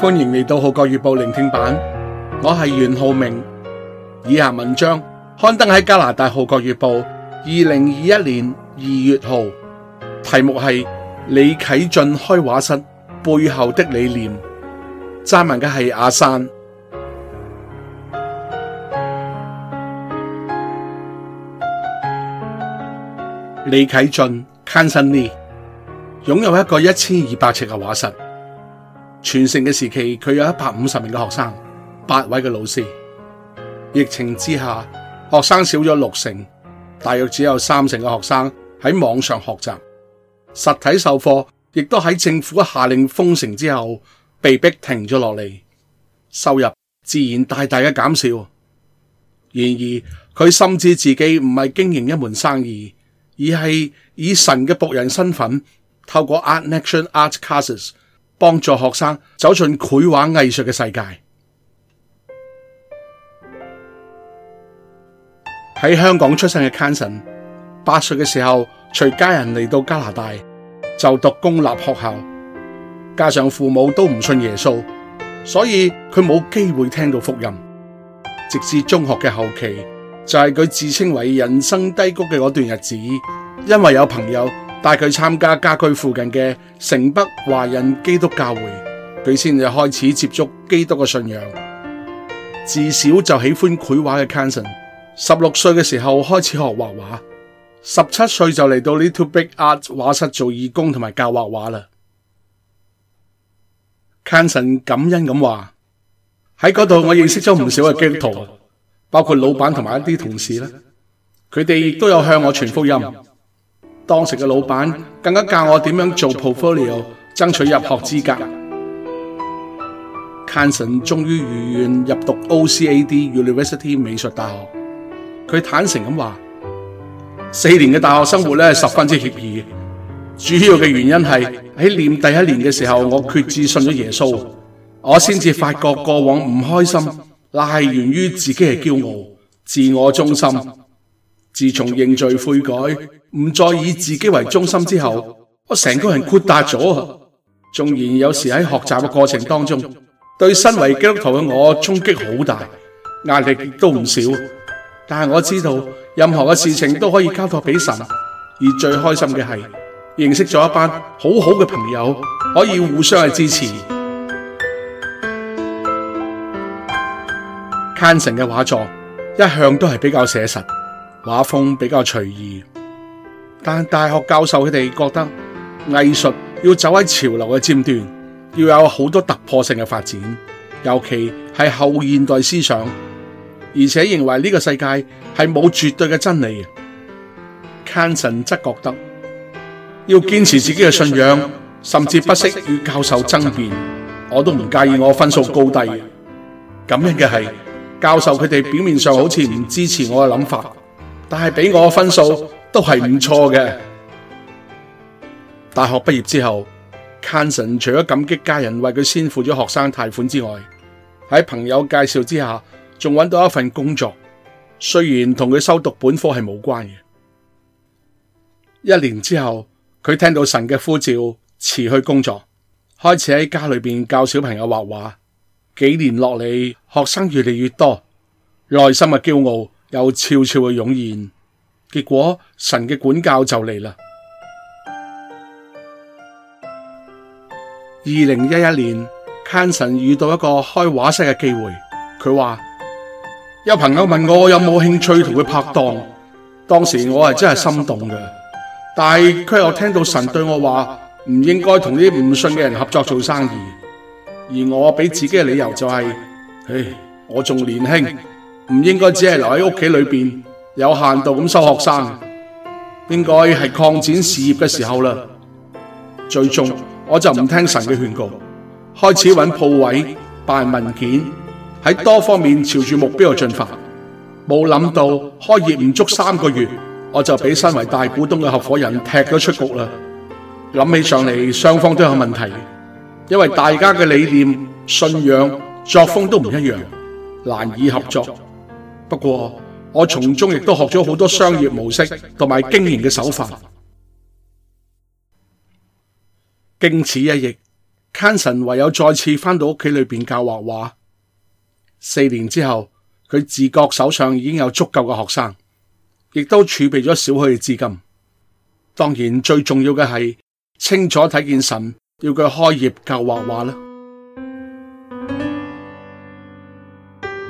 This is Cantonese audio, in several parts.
歡迎嚟到《浩國月報》聆聽版，我是袁浩明。以下文章刊登喺加拿大《浩國月報》二零二一年二月號，題目是李啓俊開畫室背後的理念。撰文嘅是阿山。李啓俊 （Kan n 擁有一個一千二百尺嘅畫室。全城嘅時期，佢有一百五十名嘅學生，八位嘅老師。疫情之下，學生少咗六成，大約只有三成嘅學生喺網上學習，實體授課亦都喺政府下令封城之後被逼停咗落嚟，收入自然大大嘅減少。然而，佢深知自己唔係經營一門生意，而係以神嘅僕人身份，透過 Artnection Art Classes。幫助學生走進繪畫藝術嘅世界。喺香港出生嘅 Kanson，八歲嘅時候隨家人嚟到加拿大，就讀公立學校。加上父母都唔信耶穌，所以佢冇機會聽到福音。直至中學嘅後期，就係佢自稱為人生低谷嘅嗰段日子，因為有朋友。帶佢參加家居附近嘅城北華人基督教會，佢先至開始接觸基督嘅信仰。自小就喜歡繪畫嘅 Kanson，十六歲嘅時候開始學畫畫，十七歲就嚟到 Little Big Art 畫室做義工同埋教畫畫了。Kanson 感恩咁話：喺嗰度我認識咗唔少嘅基督徒，包括老闆同埋一啲同事咧，佢哋亦都有向我傳福音。當時嘅老闆更加教我點樣做 portfolio，爭取入學資格。Kanson 終於如願入讀 OCAD University 美術大學。佢坦誠地話：四年嘅大學生活咧，十分之寫意。主要嘅原因係喺念第一年嘅時候，我決志信咗耶穌，我先至發覺過往唔開心，那係源於自己嘅驕傲、自我中心。自從認罪悔改，唔再以自己為中心之後，我成個人豁達咗。縱然有時喺學習嘅過程當中，對身為基督徒嘅我衝擊好大，壓力都唔少。但我知道，任何嘅事情都可以交託俾神而最開心嘅係，認識咗一班好好嘅朋友，可以互相去支持。Kanson 嘅畫作一向都係比較寫實。畫風比較隨意，但大學教授佢哋覺得藝術要走喺潮流嘅尖端，要有好多突破性嘅發展，尤其係後現代思想。而且認為呢個世界係冇絕對嘅真理。康臣則覺得要堅持自己嘅信仰，甚至不惜與教授爭辯。我都唔介意我分數高低。咁樣嘅係教授佢哋表面上好似唔支持我嘅諗法。但係俾我分數都係唔錯嘅。大學畢業之後，Kanson 除咗感激家人為佢先付咗學生貸款之外，喺朋友介紹之下，仲揾到一份工作，雖然同佢修讀本科係冇關嘅。一年之後，佢聽到神嘅呼召，辭去工作，開始喺家裏面教小朋友畫畫。幾年落嚟，學生越嚟越多，內心嘅驕傲又悄悄嘅湧現，結果神嘅管教就嚟啦。二零一一年 Kanson 遇到一個開畫室嘅機會，佢話有朋友問我有冇有興趣同佢拍檔。當時我係真係心動嘅但係佢又聽到神對我話唔應該同啲唔信嘅人合作做生意，而我畀自己嘅理由就係，唉，我仲年輕。唔應該只係留喺屋企裏邊有限度咁收學生，應該係擴展事業嘅時候啦。最終我就唔聽神嘅勸告，開始揾鋪位辦文件，喺多方面朝住目標去進發。冇諗到開業唔足三個月，我就俾身為大股東嘅合夥人踢咗出局啦。諗起上嚟，雙方都有問題，因為大家嘅理念、信仰、作風都唔一樣，難以合作。不過，我從中亦都學咗好多商業模式同埋經營嘅手法。哦、經此一役，康臣唯有再次返到屋企裏面教畫畫。四年之後，佢自覺手上已經有足夠嘅學生，亦都儲備咗少許嘅資金。當然，最重要嘅係清楚睇見神要佢開業教畫畫啦。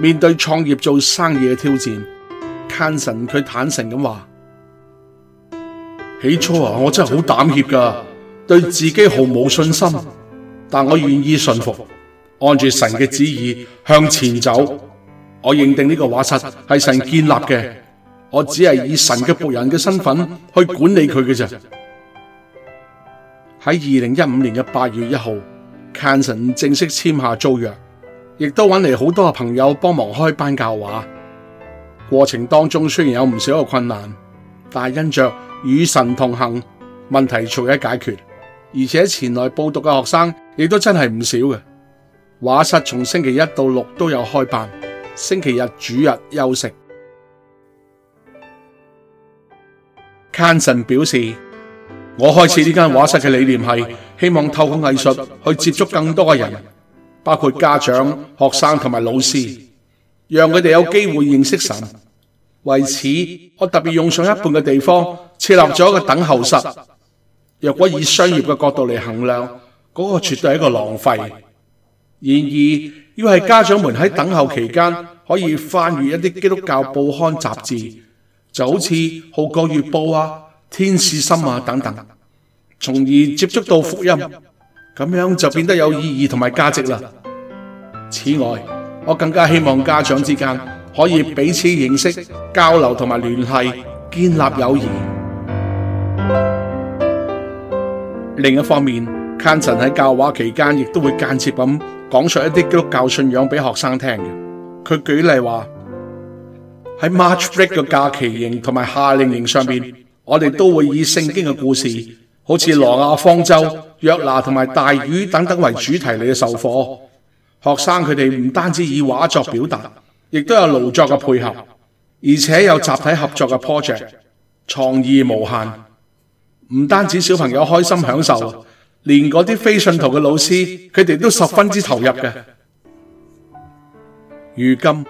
面對創業做生意嘅挑戰，Kanson 佢坦誠咁話：起初啊，我真係好膽怯㗎，對自己毫無信心。但我願意信服，按住神嘅旨意向前走。我認定呢個畫室係神建立嘅，我只係以神嘅僕人嘅身份去管理佢嘅在喺二零一五年嘅八月一號，Kanson 正式簽下租約。亦都揾嚟好多嘅朋友幫忙開班教畫。過程當中雖然有唔少嘅困難，但因着與神同行，問題逐一解決，而且前來報讀嘅學生亦都真係唔少。嘅畫室從星期一到六都有開班，星期日主日休息。Kanson 表示：我開始呢間畫室嘅理念係希望透過藝術去接觸更多嘅人。包括家長、學生同埋老師，讓佢哋有機會認識神。為此，我特別用上一半嘅地方設立咗一個等候室。若果以商業嘅角度嚟衡量，嗰個絕對係一個浪費。然而，要係家長們喺等候期間可以翻閱一啲基督教報刊雜誌，就好似《號角月報》啊、《天使心》啊等等，從而接觸到福音。咁樣就變得有意義同埋價值啦。此外，我更加希望家長之間可以彼此認識、交流同埋聯繫，建立友誼。另一方面，Kanson 喺教畫期間，亦都會間接咁講述一啲基督教信仰俾學生聽。佢舉例話，喺 March Break 嘅假期營同埋夏令營上面，我哋都會以聖經嘅故事，好似羅亞方舟，約拿同埋大魚等等為主題嚟嘅授課，學生佢哋唔單止以畫作表達，亦都有勞作嘅配合，而且有集體合作嘅 project，創意無限。唔單止小朋友開心享受，連嗰啲非信徒嘅老師，佢哋都十分之投入嘅。如今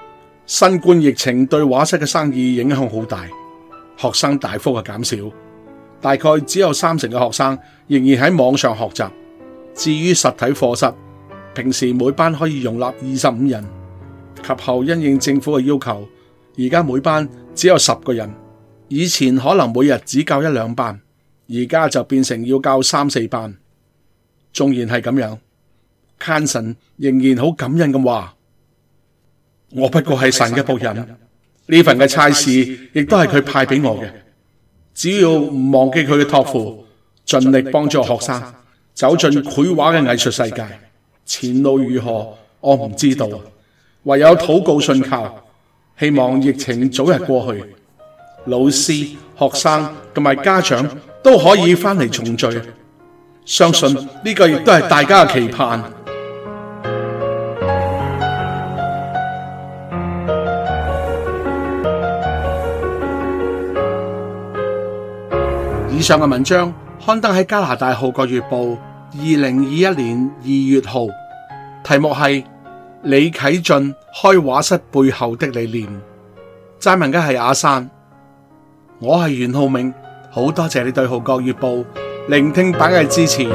新冠疫情對畫室嘅生意影響好大，學生大幅嘅減少。大概只有三成嘅學生仍然喺網上學習。至於實體課室，平時每班可以容納二十五人，及後因應政府嘅要求，而家每班只有十個人。以前可能每日只教一兩班，而家就變成要教三四班。縱然係噉樣，康神仍然好感恩噉話：「我不過係神嘅僕人，呢份嘅差事亦都係佢派畀我嘅。只要唔忘記佢嘅託付，盡力幫助學生走進繪畫嘅藝術世界。前路如何，我唔知道，唯有禱告信靠，希望疫情早日過去，老師、學生同埋家長都可以翻嚟重聚。相信呢個月都係大家嘅期盼。以上嘅文章刊登喺加拿大《號角月報》，二零二一年二月號，題目係李啓俊開畫室背後的理念。撰文嘅係阿山，我係袁浩明，好多謝你對《號角月報》聆聽版嘅支持。